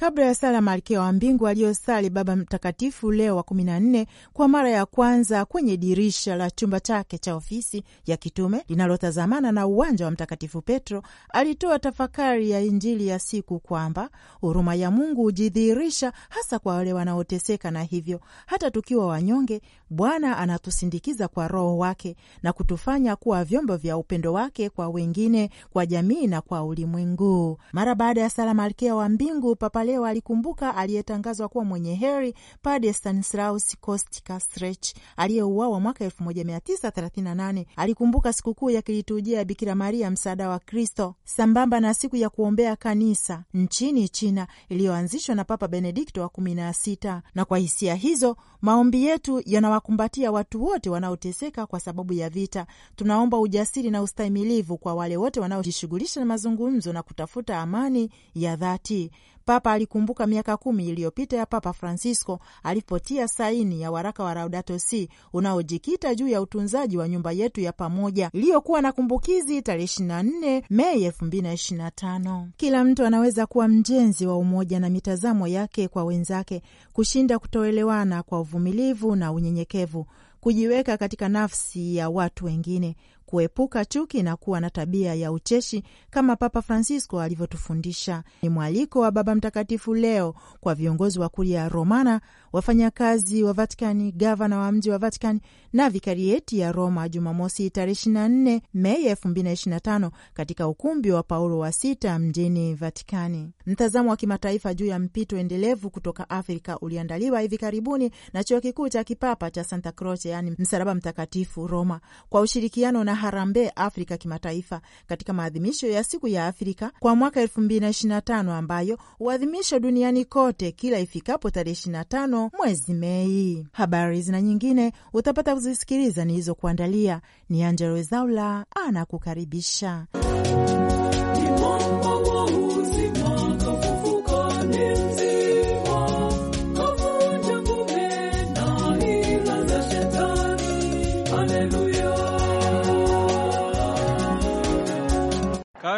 kabla ya sala Malkia wa Mbingu aliyosali Baba Mtakatifu Leo wa 14 kwa mara ya kwanza kwenye dirisha la chumba chake cha ofisi ya kitume linalotazamana na uwanja wa Mtakatifu Petro, alitoa tafakari ya Injili ya siku kwamba huruma ya Mungu hujidhihirisha hasa kwa wale wanaoteseka, na hivyo hata tukiwa wanyonge, Bwana anatusindikiza kwa Roho wake na kutufanya kuwa vyombo vya upendo wake kwa wengine, kwa jamii na kwa ulimwengu. Mara baada ya sala Malkia wa Mbingu, Papa leo alikumbuka aliyetangazwa kuwa mwenye heri Padre Stanislaus Kostka Strech aliyeuawa mwaka 1938. Alikumbuka sikukuu ya kiliturujia ya Bikira Maria msaada wa Kristo sambamba na siku ya kuombea kanisa nchini China iliyoanzishwa na Papa Benedikto wa kumi na sita. Na kwa hisia hizo, maombi yetu yanawakumbatia watu wote wanaoteseka kwa sababu ya vita. Tunaomba ujasiri na ustahimilivu kwa wale wote wanaojishughulisha na mazungumzo na kutafuta amani ya dhati. Papa alikumbuka miaka kumi iliyopita ya Papa Francisco alipotia saini ya waraka wa Laudato Si unaojikita juu ya utunzaji wa nyumba yetu ya pamoja iliyokuwa na kumbukizi tarehe 24 Mei 2025. Kila mtu anaweza kuwa mjenzi wa umoja na mitazamo yake kwa wenzake, kushinda kutoelewana kwa uvumilivu na unyenyekevu, kujiweka katika nafsi ya watu wengine, kuepuka chuki na kuwa na tabia ya ucheshi kama Papa Francisco alivyotufundisha. Ni mwaliko wa Baba Mtakatifu leo kwa viongozi wa Kuria Romana, wafanyakazi wa Vatikani, gavana wa mji wa Vatikani na vikarieti ya Roma, Jumamosi tarehe 24 Mei 2025 katika ukumbi wa Paulo wa Sita mjini Vatikani. Mtazamo wa kimataifa juu ya mpito endelevu kutoka Afrika uliandaliwa hivi karibuni na chuo kikuu cha kipapa cha Santa Croce, yaani Msalaba Mtakatifu Roma, kwa ushirikiano na Harambee Afrika Kimataifa katika maadhimisho ya siku ya Afrika kwa mwaka 2025 ambayo huadhimishwa duniani kote kila ifikapo tarehe 25 mwezi Mei. Habari zina nyingine utapata kuzisikiliza nilizokuandalia. Ni Angella Rwezaula anakukaribisha.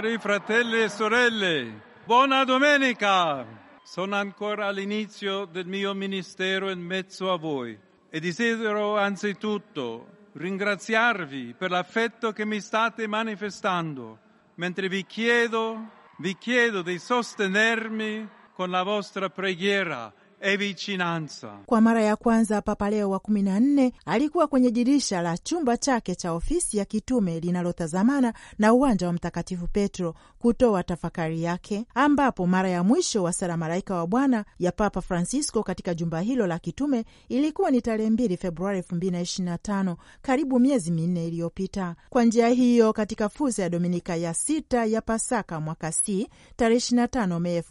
Cari fratelli e sorelle, buona domenica! Sono ancora all'inizio del mio ministero in mezzo a voi e desidero anzitutto ringraziarvi per l'affetto che mi state manifestando, mentre vi chiedo, vi chiedo di sostenermi con la vostra preghiera e vicinanza. Kwa mara ya kwanza Papa Leo wa kumi na nne alikuwa kwenye dirisha la chumba chake cha ofisi ya kitume linalotazamana na uwanja wa Mtakatifu Petro kutoa tafakari yake, ambapo mara ya mwisho wa sala Malaika wa Bwana ya Papa Francisco katika jumba hilo la kitume ilikuwa ni tarehe 2 Februari tano, karibu miezi minne iliyopita. Kwa njia hiyo, katika fursa ya Dominika ya sita ya Pasaka mwaka C tarehe tano Mei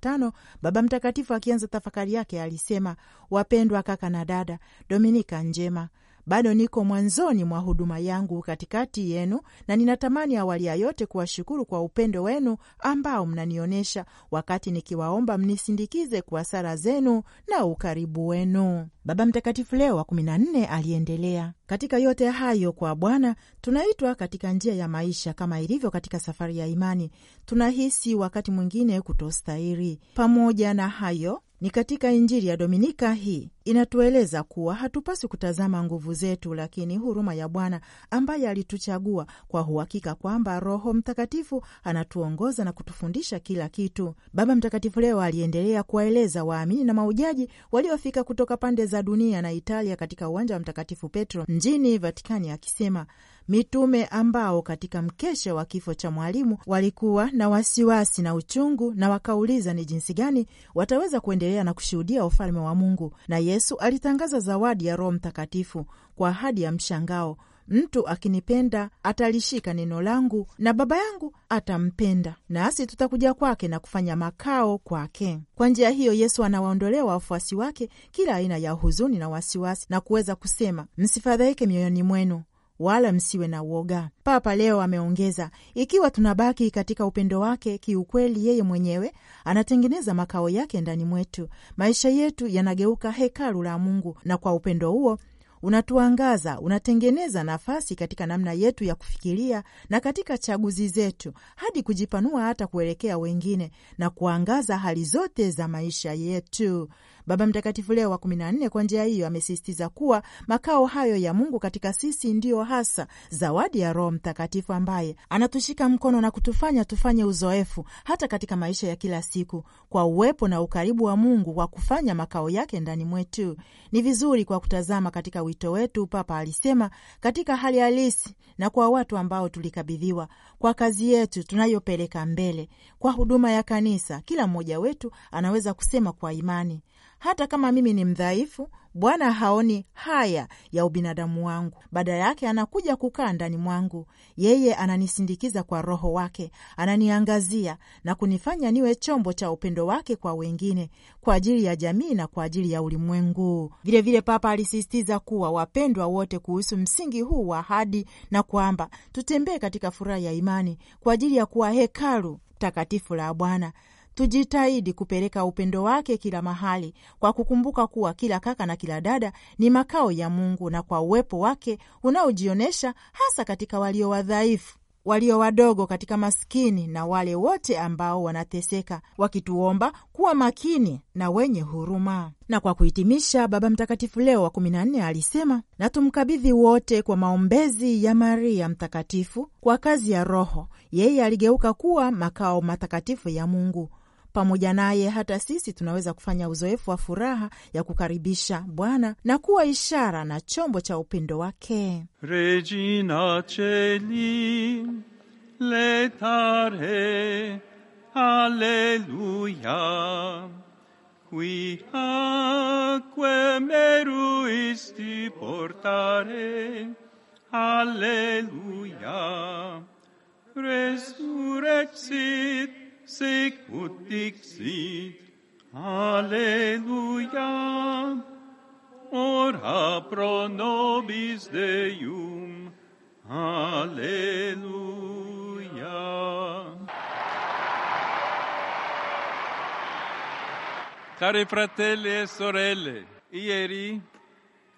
tano, Baba Mtakatifu akianza tafakari tafakari yake alisema, wapendwa kaka na dada, Dominika njema. Bado niko mwanzoni mwa huduma yangu katikati yenu, na ninatamani awali ya yote kuwashukuru kwa upendo wenu ambao mnanionyesha wakati nikiwaomba mnisindikize kwa sala zenu na ukaribu wenu. Baba Mtakatifu Leo wa kumi na nne aliendelea. Katika yote hayo, kwa Bwana tunaitwa katika njia ya maisha. Kama ilivyo katika safari ya imani, tunahisi wakati mwingine kutostahiri. Pamoja na hayo ni katika Injili ya Dominika hii inatueleza kuwa hatupaswi kutazama nguvu zetu, lakini huruma ya Bwana ambaye alituchagua kwa uhakika kwamba Roho Mtakatifu anatuongoza na kutufundisha kila kitu. Baba Mtakatifu leo aliendelea kuwaeleza waamini na maujaji waliofika kutoka pande za dunia na Italia katika uwanja wa Mtakatifu Petro mjini Vatikani akisema mitume ambao katika mkesha wa kifo cha mwalimu walikuwa na wasiwasi na uchungu, na wakauliza ni jinsi gani wataweza kuendelea na kushuhudia ufalme wa Mungu. Na Yesu alitangaza zawadi ya Roho Mtakatifu kwa ahadi ya mshangao: mtu akinipenda atalishika neno langu, na Baba yangu atampenda, nasi tutakuja kwake na kufanya makao kwake. Kwa njia hiyo, Yesu anawaondolea wafuasi wake kila aina ya huzuni na wasiwasi, na kuweza kusema msifadhaike mioyoni mwenu, wala msiwe na uoga. Papa leo ameongeza, ikiwa tunabaki katika upendo wake, kiukweli yeye mwenyewe anatengeneza makao yake ndani mwetu. Maisha yetu yanageuka hekalu la Mungu, na kwa upendo huo unatuangaza, unatengeneza nafasi katika namna yetu ya kufikiria na katika chaguzi zetu, hadi kujipanua hata kuelekea wengine na kuangaza hali zote za maisha yetu. Baba Mtakatifu Leo wa kumi na nne kwa njia hiyo amesisitiza kuwa makao hayo ya Mungu katika sisi ndiyo hasa zawadi ya Roho Mtakatifu ambaye anatushika mkono na kutufanya tufanye uzoefu hata katika maisha ya kila siku kwa uwepo na ukaribu wa Mungu wa kufanya makao yake ndani mwetu. Ni vizuri kwa kutazama katika wito wetu, Papa alisema, katika hali halisi na kwa watu ambao tulikabidhiwa, kwa kazi yetu tunayopeleka mbele, kwa huduma ya kanisa, kila mmoja wetu anaweza kusema kwa imani hata kama mimi ni mdhaifu, Bwana haoni haya ya ubinadamu wangu, badala yake anakuja kukaa ndani mwangu. Yeye ananisindikiza kwa Roho wake, ananiangazia na kunifanya niwe chombo cha upendo wake kwa wengine, kwa ajili ya jamii na kwa ajili ya ulimwengu. Vilevile Papa alisisitiza kuwa wapendwa wote kuhusu msingi huu wa ahadi, na kwamba tutembee katika furaha ya imani kwa ajili ya kuwa hekalu takatifu la Bwana tujitahidi kupeleka upendo wake kila mahali, kwa kukumbuka kuwa kila kaka na kila dada ni makao ya Mungu, na kwa uwepo wake unaojionyesha hasa katika walio wadhaifu walio wadogo katika maskini na wale wote ambao wanateseka, wakituomba kuwa makini na wenye huruma. Na kwa kuhitimisha, Baba Mtakatifu Leo wa kumi alisema, na tumkabidhi wote kwa maombezi ya Maria Mtakatifu, kwa kazi ya Roho, yeye aligeuka kuwa makao matakatifu ya Mungu pamoja naye, hata sisi tunaweza kufanya uzoefu wa furaha ya kukaribisha Bwana na kuwa ishara na chombo cha upendo wake. Regina Celi letare Alleluia qui meruisti portare Alleluia resurrexit sicut dixit. Alleluia. Ora pro nobis Deum. Alleluia. Cari fratelli e sorelle, ieri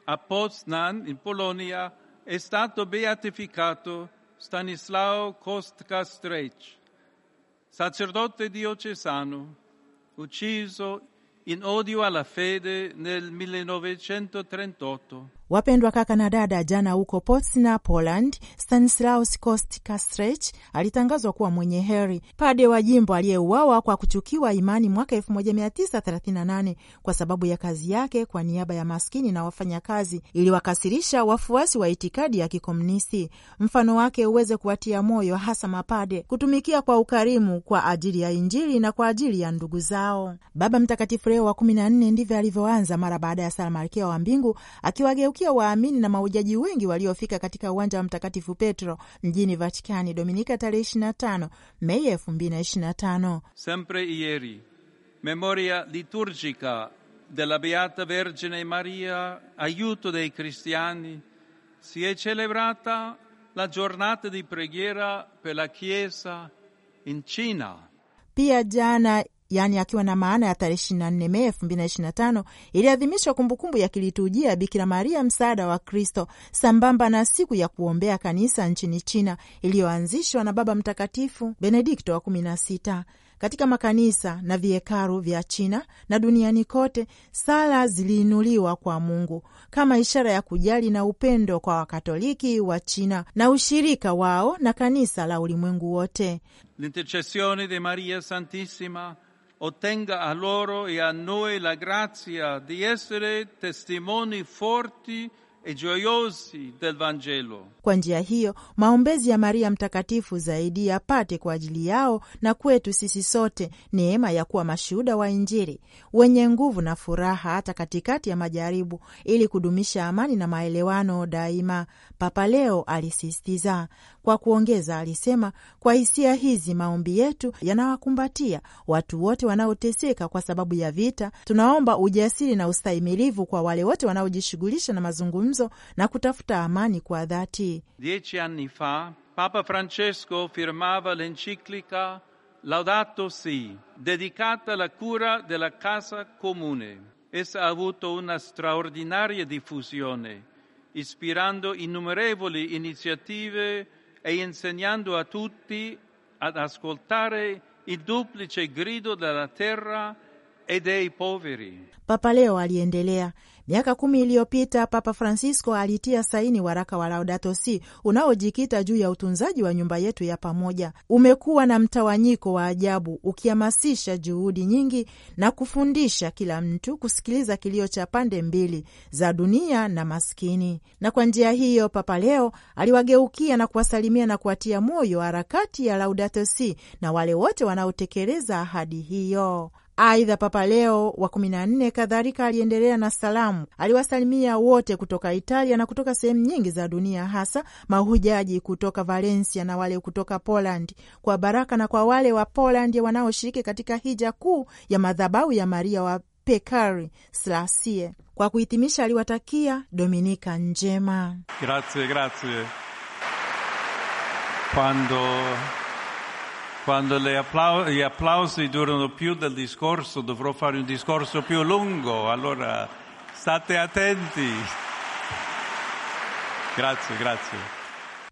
a Poznan, in Polonia, è stato beatificato Stanislao Kostka Strejc, sacerdote diocesano, ucciso in odio alla fede nel 1938. Wapendwa kaka na dada, jana huko Potsna, Poland, Stanislaus Kost strech alitangazwa kuwa mwenye heri, pade wa jimbo aliyeuawa kwa kuchukiwa imani mwaka 1938 kwa sababu ya kazi yake kwa niaba ya maskini na wafanyakazi, iliwakasirisha wafuasi wa itikadi ya kikomunisti. Mfano wake uweze kuwatia moyo hasa mapade kutumikia kwa ukarimu kwa ajili ya Injili na kwa ajili ya ndugu zao. Baba Mtakatifu Leo wa 14 ndivyo alivyoanza mara baada ya sala Malkia wa Mbingu akiwageukia kati ya waamini na maujaji wengi waliofika katika uwanja wa Mtakatifu Petro mjini Vatikani Dominika tarehe 25 Mei 2025. Sempre ieri memoria liturgica della Beata Vergine Maria aiuto dei cristiani si è celebrata la giornata di preghiera per la Chiesa in China. Pia jana yaani akiwa na maana ya tarehe 24 Mei 2025 iliadhimishwa kumbukumbu ya kilitujia ya Bikira Maria msaada wa Kristo sambamba na siku ya kuombea kanisa nchini China iliyoanzishwa na Baba Mtakatifu Benedikto wa 16. Katika makanisa na viekaru vya China na duniani kote, sala ziliinuliwa kwa Mungu kama ishara ya kujali na upendo kwa Wakatoliki wa China na ushirika wao na kanisa la ulimwengu wote. l'intercessione di Maria Santissima ottenga a loro e a noi la grazia di essere testimoni forti e gioiosi del Vangelo. Kwa njia hiyo maombezi ya Maria Mtakatifu zaidi yapate kwa ajili yao na kwetu sisi sote neema ya kuwa mashuhuda wa Injili wenye nguvu na furaha hata katikati ya majaribu, ili kudumisha amani na maelewano daima, Papa Leo alisisitiza. Kwa kuongeza, alisema kwa hisia hizi maombi yetu yanawakumbatia watu wote wanaoteseka kwa sababu ya vita. Tunaomba ujasiri na ustahimilivu kwa wale wote wanaojishughulisha na mazungumzo na kutafuta amani kwa dhati. Dieci anni fa Papa Francesco firmava l'enciclica Laudato Si, dedicata alla cura della casa comune. Essa ha avuto una straordinaria diffusione, ispirando innumerevoli iniziative e insegnando a tutti ad ascoltare il duplice grido della terra e dei poveri. Papa Leo aliendelea. Miaka kumi iliyopita Papa Francisco alitia saini waraka wa Laudato Si unaojikita juu ya utunzaji wa nyumba yetu ya pamoja. Umekuwa na mtawanyiko wa ajabu, ukihamasisha juhudi nyingi na kufundisha kila mtu kusikiliza kilio cha pande mbili za dunia na maskini. Na kwa njia hiyo, Papa Leo aliwageukia na kuwasalimia na kuwatia moyo harakati ya Laudato Si na wale wote wanaotekeleza ahadi hiyo. Aidha, Papa Leo wa kumi na nne kadhalika aliendelea na salamu, aliwasalimia wote kutoka Italia na kutoka sehemu nyingi za dunia, hasa mahujaji kutoka Valencia na wale kutoka Polandi, kwa baraka na kwa wale wa Polandi wanaoshiriki katika hija kuu ya madhabahu ya Maria wa Pekari Slasie. Kwa kuhitimisha, aliwatakia dominika njema. Grazie, grazie. Quando... Quando appla- gli applausi durano più del discorso, dovrò fare un discorso più lungo, allora state attenti. Grazie, grazie.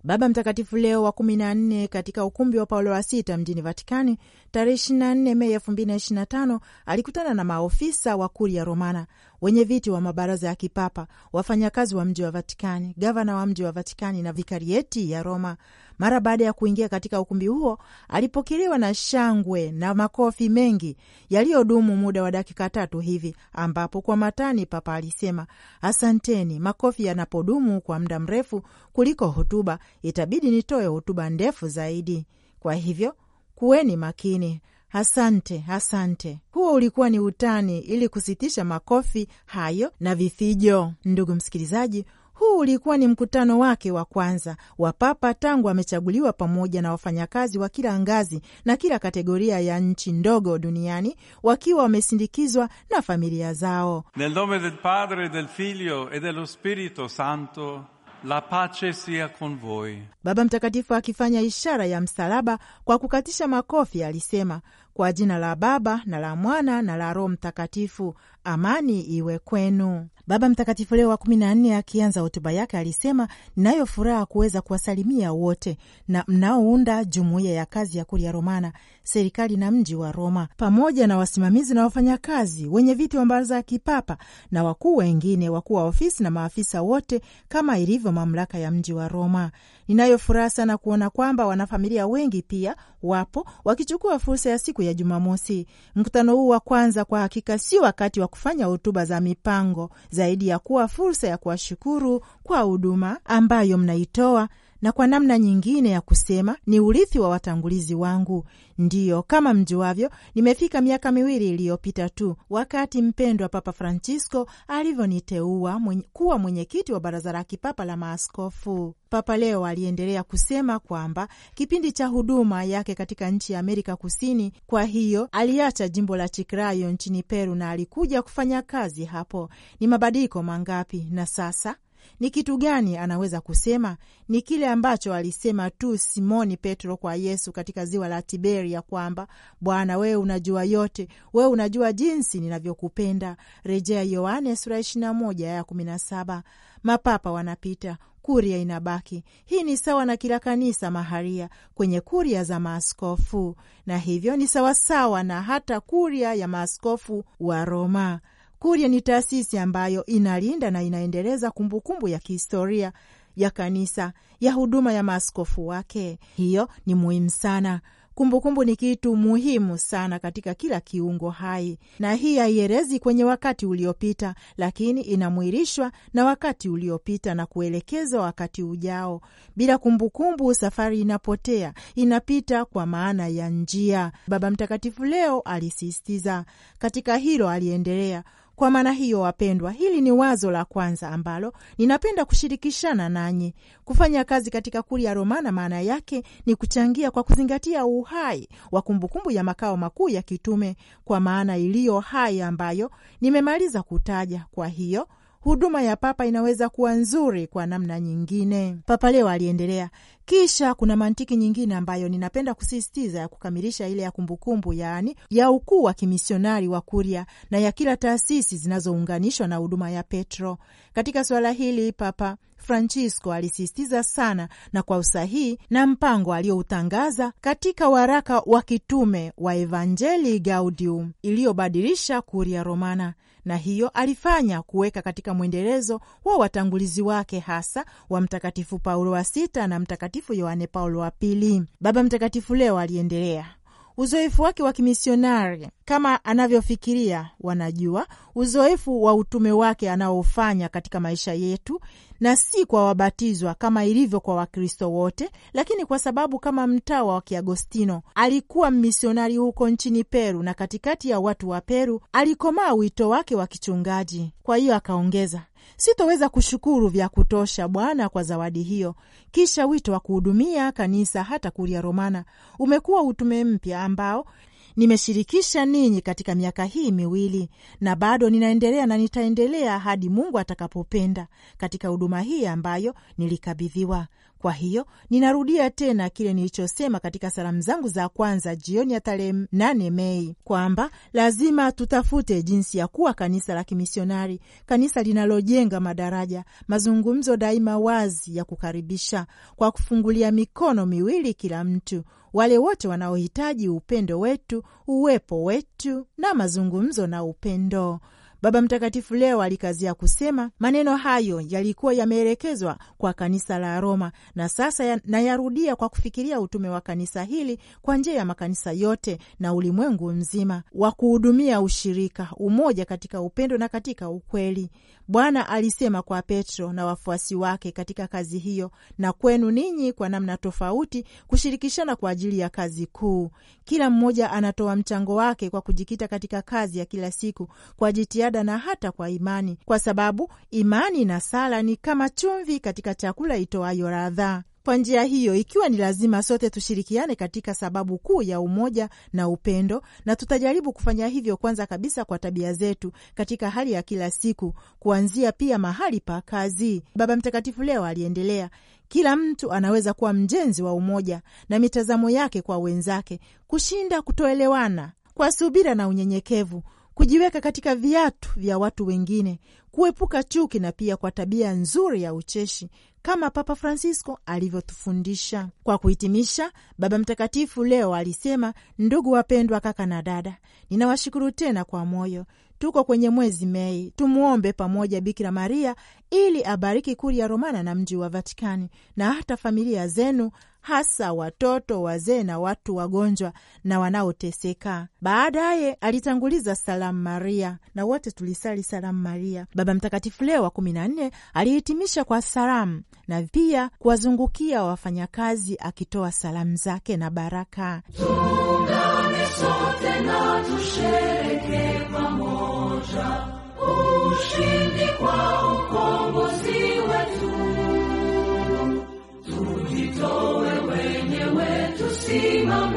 Baba Mtakatifu Leo wa 14 katika ukumbi wa Paulo wa sita mjini Vatikani tarehe 24 Mei 2025 alikutana na maofisa wa Kuria Romana wenyeviti wa mabaraza ya kipapa, wafanyakazi wa mji wa Vatikani, gavana wa mji wa Vatikani na vikarieti ya Roma. Mara baada ya kuingia katika ukumbi huo, alipokelewa na shangwe na makofi mengi yaliyodumu muda wa dakika tatu hivi, ambapo kwa matani papa alisema, asanteni. Makofi yanapodumu kwa muda mrefu kuliko hotuba, itabidi nitoe hotuba ndefu zaidi, kwa hivyo kuweni makini. Asante, asante. Huo ulikuwa ni utani ili kusitisha makofi hayo na vifijo. Ndugu msikilizaji, huu ulikuwa ni mkutano wake wa kwanza wa Papa tangu amechaguliwa pamoja na wafanyakazi wa kila ngazi na kila kategoria ya nchi ndogo duniani wakiwa wamesindikizwa na familia zao. Nel nome del Padre, del Figlio e dello Spirito Santo. La pace sia con voi. Baba Mtakatifu akifanya ishara ya msalaba kwa kukatisha makofi alisema, kwa jina la Baba na la Mwana na la Roho Mtakatifu, amani iwe kwenu. Baba Mtakatifu Leo wa kumi na nne akianza hotuba yake alisema, nayo furaha kuweza kuwasalimia wote na mnaounda jumuiya ya kazi ya Kuria Romana, serikali na mji wa Roma, pamoja na wasimamizi na wafanyakazi, wenye viti wa Baraza ya Kipapa na wakuu wengine, wakuu wa ofisi na maafisa wote, kama ilivyo mamlaka ya mji wa Roma. Ninayo furaha sana kuona kwamba wanafamilia wengi pia wapo wakichukua fursa ya siku ya Jumamosi. Mkutano huu wa kwanza kwa hakika si wakati wa kufanya hotuba za mipango zaidi ya kuwa fursa ya kuwashukuru kwa huduma ambayo mnaitoa na kwa namna nyingine ya kusema ni urithi wa watangulizi wangu. Ndiyo, kama mjuavyo, nimefika miaka miwili iliyopita tu, wakati mpendwa Papa Francisco alivyoniteua mwenye, kuwa mwenyekiti wa baraza la kipapa la maaskofu. Papa Leo aliendelea kusema kwamba kipindi cha huduma yake katika nchi ya Amerika Kusini, kwa hiyo aliacha jimbo la Chiclayo nchini Peru na alikuja kufanya kazi hapo. Ni mabadiliko mangapi na sasa ni kitu gani anaweza kusema? Ni kile ambacho alisema tu Simoni Petro kwa Yesu katika ziwa la Tiberia kwamba Bwana, wewe unajua yote, wewe unajua jinsi ninavyokupenda. Rejea Yohane sura ishirini ya kumi na saba. Mapapa wanapita kuria inabaki. Hii ni sawa na kila kanisa maharia kwenye kuria za maaskofu, na hivyo ni sawasawa na hata kuria ya maaskofu wa Roma. Kuria ni taasisi ambayo inalinda na inaendeleza kumbukumbu kumbu ya kihistoria ya kanisa ya huduma ya maaskofu wake. Hiyo ni muhimu sana. Kumbukumbu kumbu ni kitu muhimu sana katika kila kiungo hai, na hii haierezi kwenye wakati uliopita, lakini inamwirishwa na wakati uliopita na kuelekezwa wakati ujao. Bila kumbukumbu kumbu, safari inapotea, inapita kwa maana ya njia. Baba Mtakatifu leo alisisitiza katika hilo, aliendelea kwa maana hiyo, wapendwa, hili ni wazo la kwanza ambalo ninapenda kushirikishana nanyi. Kufanya kazi katika kuli ya Romana maana yake ni kuchangia kwa kuzingatia uhai wa kumbukumbu ya makao makuu ya kitume kwa maana iliyo hai ambayo nimemaliza kutaja. Kwa hiyo huduma ya papa inaweza kuwa nzuri kwa namna nyingine. Papa Leo aliendelea. Kisha kuna mantiki nyingine ambayo ninapenda kusisitiza ya kukamilisha ile ya kumbukumbu, yaani ya ukuu wa kimisionari wa kuria na ya kila taasisi zinazounganishwa na huduma ya Petro. Katika suala hili Papa Francisco alisisitiza sana na kwa usahihi na mpango aliyoutangaza katika waraka wa kitume wa Evangelii Gaudium iliyobadilisha Kuria Romana na hiyo alifanya kuweka katika mwendelezo wa watangulizi wake hasa wa Mtakatifu Paulo wa Sita na Mtakatifu Yohane Paulo wa Pili. Baba Mtakatifu leo aliendelea uzoefu wake wa kimisionari kama anavyofikiria, wanajua uzoefu wa utume wake anaofanya katika maisha yetu, na si kwa wabatizwa kama ilivyo kwa Wakristo wote, lakini kwa sababu kama mtawa wa Kiagostino alikuwa mmisionari huko nchini Peru, na katikati ya watu wa Peru alikomaa wito wake wa kichungaji. Kwa hiyo akaongeza sitoweza kushukuru vya kutosha Bwana kwa zawadi hiyo. Kisha wito wa kuhudumia kanisa hata Kuria Romana umekuwa utume mpya ambao nimeshirikisha ninyi katika miaka hii miwili, na bado ninaendelea na nitaendelea hadi Mungu atakapopenda katika huduma hii ambayo nilikabidhiwa. Kwa hiyo ninarudia tena kile nilichosema katika salamu zangu za kwanza jioni ya tarehe 8 Mei kwamba lazima tutafute jinsi ya kuwa kanisa la kimisionari, kanisa linalojenga madaraja, mazungumzo daima wazi ya kukaribisha, kwa kufungulia mikono miwili kila mtu, wale wote wanaohitaji upendo wetu, uwepo wetu na mazungumzo na upendo. Baba Mtakatifu leo alikazia kusema maneno hayo yalikuwa yameelekezwa kwa kanisa la Roma na sasa nayarudia kwa kufikiria utume wa kanisa hili kwa njia ya makanisa yote na ulimwengu mzima wa kuhudumia ushirika, umoja katika upendo na katika ukweli. Bwana alisema kwa Petro na wafuasi wake katika kazi hiyo, na kwenu ninyi kwa namna tofauti, kushirikishana kwa ajili ya kazi kuu. Kila mmoja anatoa mchango wake kwa kujikita katika kazi ya kila siku, kwa jitihada na hata kwa imani, kwa sababu imani na sala ni kama chumvi katika chakula itoayo radhaa. Kwa njia hiyo, ikiwa ni lazima, sote tushirikiane katika sababu kuu ya umoja na upendo, na tutajaribu kufanya hivyo kwanza kabisa kwa tabia zetu katika hali ya kila siku, kuanzia pia mahali pa kazi. Baba Mtakatifu leo aliendelea, kila mtu anaweza kuwa mjenzi wa umoja na mitazamo yake kwa wenzake, kushinda kutoelewana kwa subira na unyenyekevu, kujiweka katika viatu vya watu wengine, kuepuka chuki na pia kwa tabia nzuri ya ucheshi kama Papa Francisco alivyotufundisha. Kwa kuhitimisha, Baba Mtakatifu leo alisema, ndugu wapendwa, kaka na dada, ninawashukuru tena kwa moyo Tuko kwenye mwezi Mei, tumwombe pamoja Bikira Maria ili abariki Kuria Romana na mji wa Vatikani na hata familia zenu, hasa watoto, wazee na watu wagonjwa na wanaoteseka. Baadaye alitanguliza Salamu Maria na wote tulisali Salamu Maria. Baba Mtakatifu Leo wa kumi na nne alihitimisha kwa salamu na pia kuwazungukia wafanyakazi akitoa salamu zake na baraka. Tungane sote na tushere ushindi kwa ukombozi wetu, tujitowe wenyewe tusimame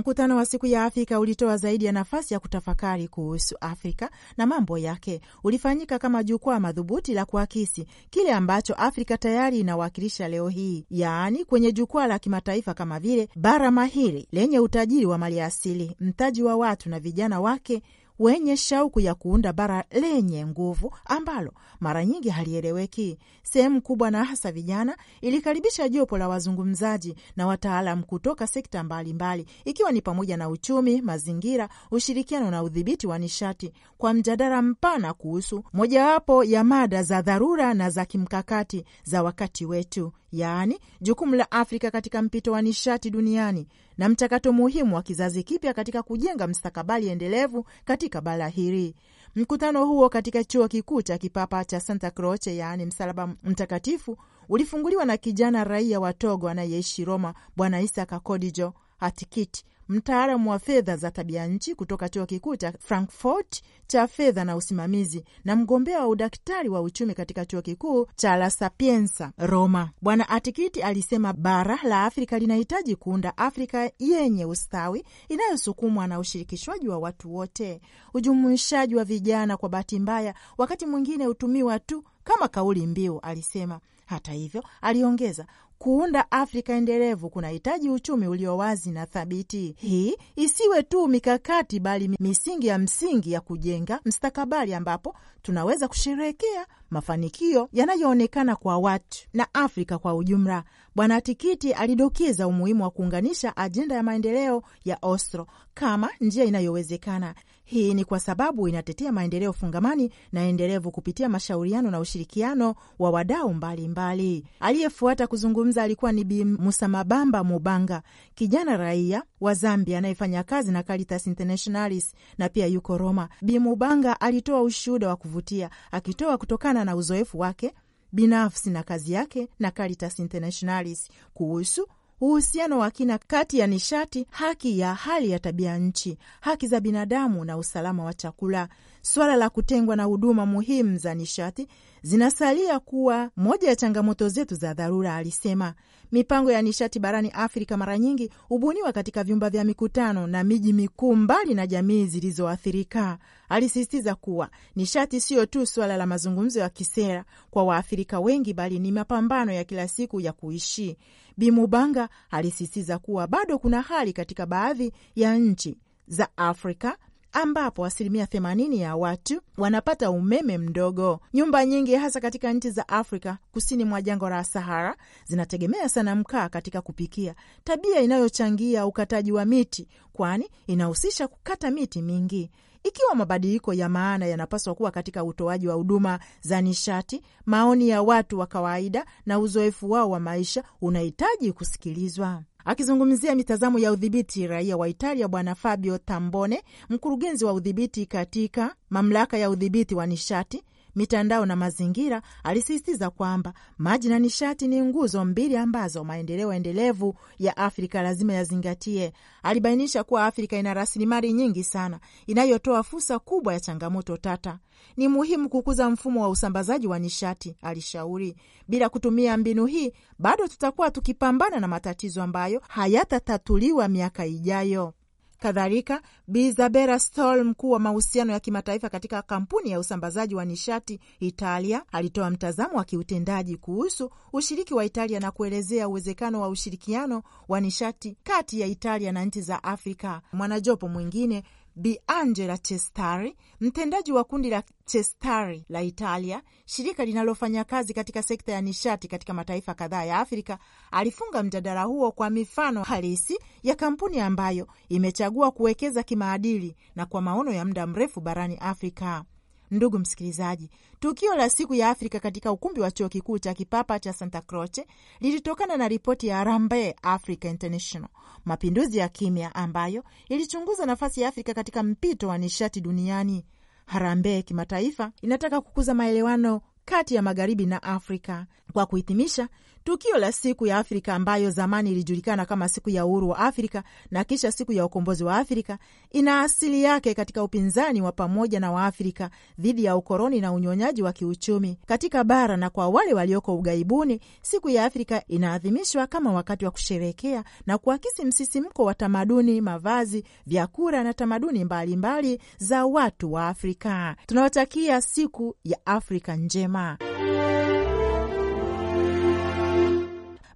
Mkutano wa siku ya Afrika ulitoa zaidi ya nafasi ya kutafakari kuhusu Afrika na mambo yake, ulifanyika kama jukwaa madhubuti la kuakisi kile ambacho Afrika tayari inawakilisha leo hii, yaani kwenye jukwaa la kimataifa kama vile bara mahiri lenye utajiri wa maliasili, mtaji wa watu na vijana wake wenye shauku ya kuunda bara lenye nguvu ambalo mara nyingi halieleweki. Sehemu kubwa na hasa vijana ilikaribisha jopo la wazungumzaji na wataalam kutoka sekta mbalimbali mbali, ikiwa ni pamoja na uchumi, mazingira, ushirikiano na udhibiti wa nishati kwa mjadala mpana kuhusu mojawapo ya mada za dharura na za kimkakati za wakati wetu yaani jukumu la Afrika katika mpito wa nishati duniani na mchakato muhimu wa kizazi kipya katika kujenga mstakabali endelevu katika bara hili. Mkutano huo katika chuo kikuu cha kipapa cha Santa Croce, yaani Msalaba Mtakatifu, ulifunguliwa na kijana raia wa Togo anayeishi Roma, Bwana Isaka Kodijo Hatikiti mtaalamu wa fedha za tabia nchi kutoka chuo kikuu cha Frankfurt cha fedha na usimamizi na mgombea wa udaktari wa uchumi katika chuo kikuu cha La Sapienza Roma. Bwana Atikiti alisema bara la Afrika linahitaji kuunda Afrika yenye ustawi inayosukumwa na ushirikishwaji wa watu wote. Ujumuishaji wa vijana, kwa bahati mbaya, wakati mwingine hutumiwa tu kama kauli mbiu, alisema. Hata hivyo, aliongeza, Kuunda Afrika endelevu kunahitaji uchumi ulio wazi na thabiti. Hii isiwe tu mikakati, bali misingi ya msingi ya kujenga mstakabali ambapo tunaweza kusherehekea mafanikio yanayoonekana kwa watu na Afrika kwa ujumla. Bwana Tikiti alidokeza umuhimu wa kuunganisha ajenda ya maendeleo ya Oslo kama njia inayowezekana hii ni kwa sababu inatetea maendeleo fungamani na endelevu kupitia mashauriano na ushirikiano wa wadau mbalimbali. Aliyefuata kuzungumza alikuwa ni Bi musamabamba Mubanga, kijana raia wa Zambia anayefanya kazi na Caritas Internationalis na pia yuko Roma. Bi Mubanga alitoa ushuhuda wa kuvutia akitoa kutokana na uzoefu wake binafsi na kazi yake na Caritas Internationalis kuhusu uhusiano wa kina kati ya nishati, haki ya hali ya tabia nchi, haki za binadamu na usalama wa chakula, suala la kutengwa na huduma muhimu za nishati zinasalia kuwa moja ya changamoto zetu za dharura, alisema. Mipango ya nishati barani Afrika mara nyingi hubuniwa katika vyumba vya mikutano na miji mikuu, mbali na jamii zilizoathirika. Alisisitiza kuwa nishati siyo tu suala la mazungumzo ya kisera kwa Waafrika wengi, bali ni mapambano ya kila siku ya kuishi. Bimubanga alisisitiza kuwa bado kuna hali katika baadhi ya nchi za Afrika ambapo asilimia 80 ya watu wanapata umeme mdogo. Nyumba nyingi hasa katika nchi za Afrika kusini mwa jangwa la Sahara zinategemea sana mkaa katika kupikia, tabia inayochangia ukataji wa miti, kwani inahusisha kukata miti mingi. Ikiwa mabadiliko ya maana yanapaswa kuwa katika utoaji wa huduma za nishati, maoni ya watu wa kawaida na uzoefu wao wa maisha unahitaji kusikilizwa. Akizungumzia mitazamo ya udhibiti raia wa Italia, Bwana Fabio Tambone, mkurugenzi wa udhibiti katika mamlaka ya udhibiti wa nishati mitandao na mazingira, alisisitiza kwamba maji na nishati ni nguzo mbili ambazo maendeleo endelevu ya Afrika lazima yazingatie. Alibainisha kuwa Afrika ina rasilimali nyingi sana, inayotoa fursa kubwa ya changamoto tata. Ni muhimu kukuza mfumo wa usambazaji wa nishati, alishauri. Bila kutumia mbinu hii, bado tutakuwa tukipambana na matatizo ambayo hayatatatuliwa miaka ijayo. Kadhalika, Bi Zabera mkuu wa mahusiano ya kimataifa katika kampuni ya usambazaji wa nishati Italia, alitoa mtazamo wa kiutendaji kuhusu ushiriki wa Italia na kuelezea uwezekano wa ushirikiano wa nishati kati ya Italia na nchi za Afrika. Mwanajopo mwingine Bi Angela Chestari, mtendaji wa kundi la Chestari la Italia, shirika linalofanya kazi katika sekta ya nishati katika mataifa kadhaa ya Afrika, alifunga mjadala huo kwa mifano halisi ya kampuni ambayo imechagua kuwekeza kimaadili na kwa maono ya muda mrefu barani Afrika. Ndugu msikilizaji, Tukio la siku ya Afrika katika ukumbi wa chuo kikuu cha kipapa cha Santa Croce lilitokana na ripoti ya Rambe Africa International, mapinduzi ya kimya, ambayo ilichunguza nafasi ya Afrika katika mpito wa nishati duniani. Harambee kimataifa inataka kukuza maelewano kati ya magharibi na Afrika. Kwa kuhitimisha, Tukio la siku ya Afrika ambayo zamani ilijulikana kama siku ya uhuru wa Afrika na kisha siku ya ukombozi wa Afrika ina asili yake katika upinzani wa pamoja na Waafrika dhidi ya ukoloni na unyonyaji wa kiuchumi katika bara, na kwa wale walioko ughaibuni, siku ya Afrika inaadhimishwa kama wakati wa kusherekea na kuakisi msisimko wa tamaduni, mavazi, vyakula na tamaduni mbalimbali mbali za watu wa Afrika. Tunawatakia siku ya Afrika njema.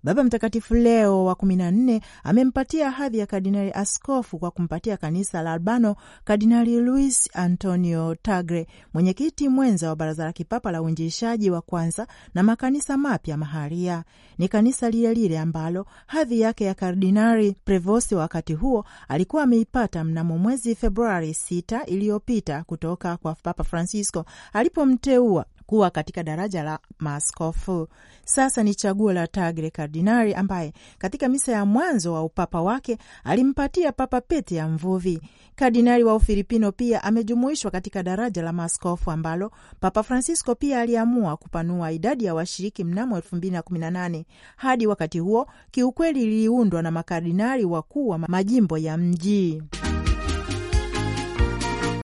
Baba Mtakatifu Leo wa kumi na nne amempatia hadhi ya kardinali askofu kwa kumpatia kanisa la Albano Kardinali Luis Antonio Tagre, mwenyekiti mwenza wa Baraza la Kipapa la Uinjilishaji wa Kwanza na makanisa mapya maharia. Ni kanisa lilelile ambalo hadhi yake ya kardinali prevosi wakati huo alikuwa ameipata mnamo mwezi Februari 6 iliyopita kutoka kwa Papa Francisco alipomteua kuwa katika daraja la maaskofu. Sasa ni chaguo la tagre Kardinari, ambaye katika misa ya mwanzo wa upapa wake alimpatia papa pete ya mvuvi. kardinari wa Ufilipino pia amejumuishwa katika daraja la maaskofu ambalo Papa Francisco pia aliamua kupanua idadi ya washiriki mnamo 2018. Hadi wakati huo kiukweli liliundwa na makardinari wakuu wa majimbo ya mji.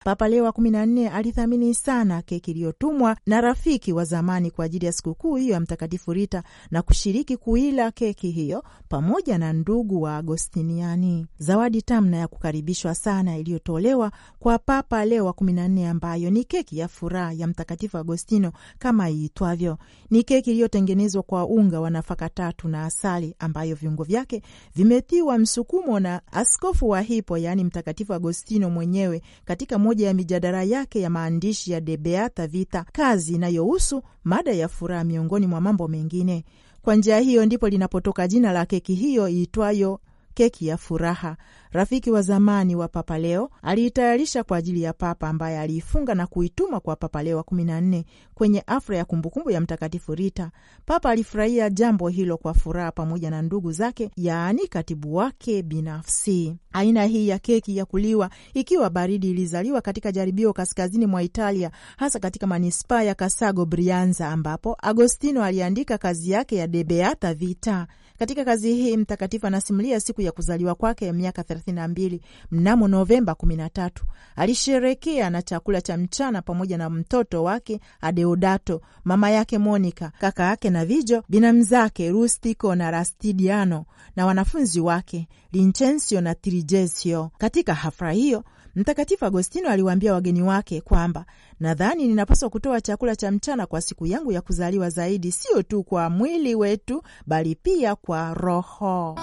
Papa Leo wa kumi na nne alithamini sana keki iliyotumwa na rafiki wa zamani kwa ajili ya sikukuu hiyo ya Mtakatifu Rita na kushiriki kuila keki hiyo pamoja na ndugu wa Agostiniani. Zawadi tamna ya kukaribishwa sana iliyotolewa kwa Papa Leo wa kumi na nne ambayo ni keki ya furaha ya Mtakatifu Agostino kama iitwavyo. Ni keki iliyotengenezwa kwa unga wa nafaka tatu na asali ambayo viungo vyake vimetiwa msukumo na askofu wa Hipo, yaani Mtakatifu Agostino mwenyewe katika moja ya mijadala yake ya maandishi ya De Beata Vita, kazi inayohusu mada ya furaha miongoni mwa mambo mengine. Kwa njia hiyo ndipo linapotoka jina la keki hiyo iitwayo keki ya furaha rafiki wa zamani wa Papa Leo, aliitayarisha kwa ajili ya Papa ambaye aliifunga na kuituma kwa Papa Leo wa kumi na nne kwenye afra ya kumbukumbu ya Mtakatifu Rita. Papa alifurahia jambo hilo kwa furaha pamoja na ndugu zake, yaani katibu wake binafsi. Aina hii ya keki ya kuliwa ikiwa baridi ilizaliwa katika jaribio kaskazini mwa Italia, hasa katika manispaa ya Kasago Brianza, ambapo Agostino aliandika kazi yake ya De Beata Vita. Katika kazi hii mtakatifu anasimulia siku ya kuzaliwa kwake miaka 32 mnamo Novemba 13 alisherekea na chakula cha mchana pamoja na mtoto wake Adeodato, mama yake Monica, kaka yake na Vijo, binamu zake Rustico na Rastidiano na wanafunzi wake Lincensio na Trijesio. Katika hafla hiyo Mtakatifu Agostino aliwaambia wageni wake kwamba nadhani ninapaswa kutoa chakula cha mchana kwa siku yangu ya kuzaliwa zaidi, sio tu kwa mwili wetu, bali pia kwa roho.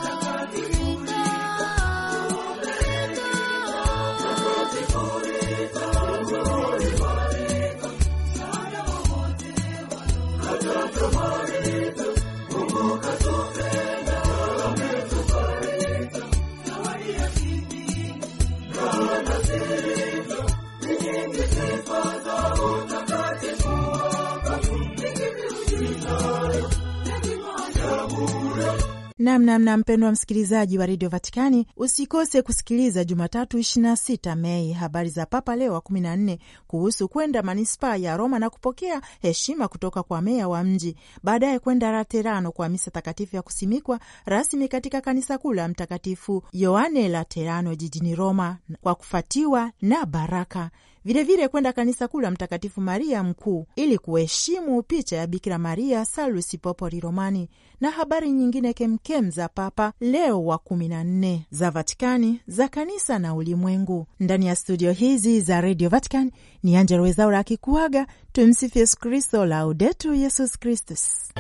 Namnamna mpendwa msikilizaji wa redio Vatikani, usikose kusikiliza Jumatatu 26 Mei habari za Papa Leo wa 14 kuhusu kwenda manispaa ya Roma na kupokea heshima kutoka kwa meya wa mji, baadaye kwenda Laterano kwa misa takatifu ya kusimikwa rasmi katika kanisa kuu la Mtakatifu Yohane Laterano jijini Roma, kwa kufuatiwa na baraka vilevile kwenda kanisa kuu la Mtakatifu Maria Mkuu ili kuheshimu picha ya Bikira Maria Salus Popoli Romani na habari nyingine kemkem za Papa Leo wa kumi na nne za Vatikani, za kanisa na ulimwengu. Ndani ya studio hizi za Radio Vatican ni Angelo Wezaura akikuaga. Tumsifu Yesu Kristo, Laudetu Yesus Kristus.